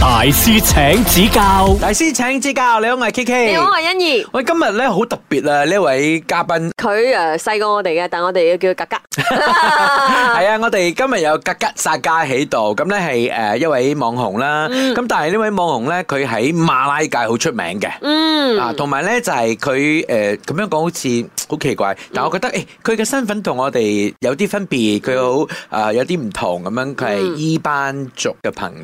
大師請指教，大師請指教。你好，我係 K K。你好，我係欣宜。喂，今日咧好特別啊！呢位嘉賓，佢誒細過我哋嘅，但我哋要叫佢格格。係啊， 我哋今日有格格沙街喺度。咁咧係誒一位網紅啦。咁、嗯、但係呢位網紅咧，佢喺馬拉界好出名嘅。嗯啊，同埋咧就係佢誒咁樣講，好似好奇怪。但係我覺得誒，佢嘅身份同我哋有啲分別，佢好誒有啲唔同咁樣。佢係伊班族嘅朋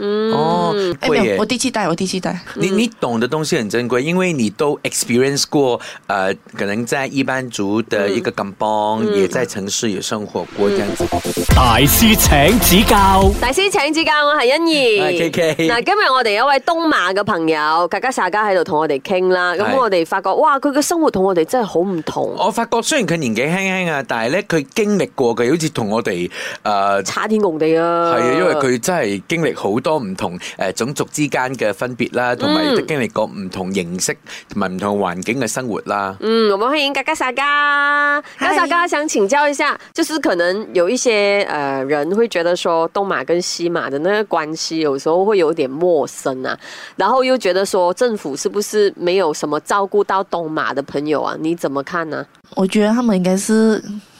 嗯哦，我啲七代，我啲七代。你你懂的東西很珍貴，因為你都 experience 過，誒、呃，可能在伊班族的一個甘榜，嗯、也在城市也生活過，這樣子。嗯嗯、大師請指教，大師請指教，我係欣怡，係 K K。嗱，今日我哋有位東馬嘅朋友，大家大家喺度同我哋傾啦，咁的我哋發覺，哇，佢嘅生活同我哋真係好唔同。我發覺雖然佢年紀輕輕啊，但係咧佢經歷過嘅，好似同我哋誒，呃、差天共地啊。係啊，因為佢真係經歷好多。多唔同誒種族之間嘅分別啦，同埋經歷過唔同形式同埋唔同環境嘅生活啦。嗯，我哋歡迎格格沙家，格格沙家想請教一下，就是可能有一些人會覺得說東馬跟西馬嘅嗰個關係，有時候會有點陌生啊。然後又覺得說政府是不是沒有什麼照顧到東馬嘅朋友啊？你怎麼看呢、啊？我覺得他們應該是。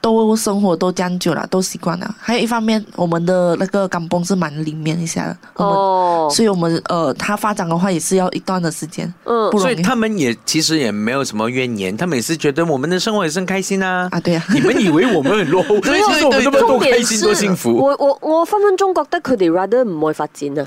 都生活都將就了，都習慣了。還有一方面，我們的那個甘榜是蠻裏面一下的，哦，所以我們呃，他發展的話也是要一段的時間，嗯，不所以他們也其實也沒有什麼怨言，他們也是覺得我們的生活也是很開心啊，啊對啊，你們以為我們很落後， 所以我們都多開心多幸福。我我我分分鐘覺得佢哋 rather 唔會發展的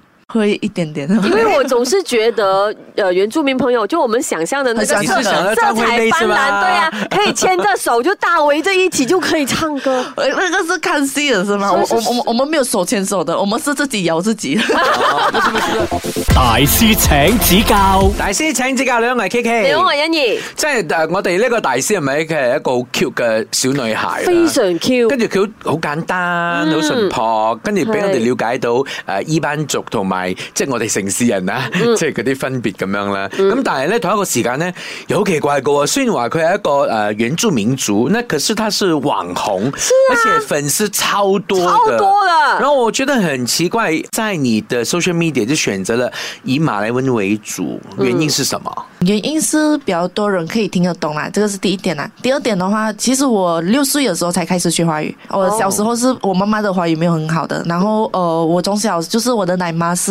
會一點點，因為我總是覺得，呃，原住民朋友就我們想象的那個色彩斑斕，對呀，可以牽着手就大圍在一起就可以唱歌。那個是看戲了是嗎？我我我我們沒有手牽手的，我們是自己搖自己。大師請指教，大師請指教，兩位 K K，你好，我是欣怡。即係我哋呢個大師係咪？佢係一個好 cute 嘅小女孩，非常 cute。跟住佢好簡單，好淳樸，跟住俾我哋了解到誒，伊班族同埋係即係我哋城市人啦，啊，嗯，即係嗰啲分別咁樣啦，啊。咁、嗯、但係咧同一個時間呢有好奇怪噶。雖然話佢係一個誒原住民族，那可是他是網紅，啊、而且粉絲超多超多的。然後我覺得很奇怪，在你的 social media 就選擇了以馬來文為主，原因是什麼？嗯、原因是比較多人可以聽得懂啦，這個是第一點啦。第二點的話，其實我六歲的時候才開始學華語，我小時候是我媽媽的華語沒有很好的，然後誒、呃、我從小就是我的奶媽是。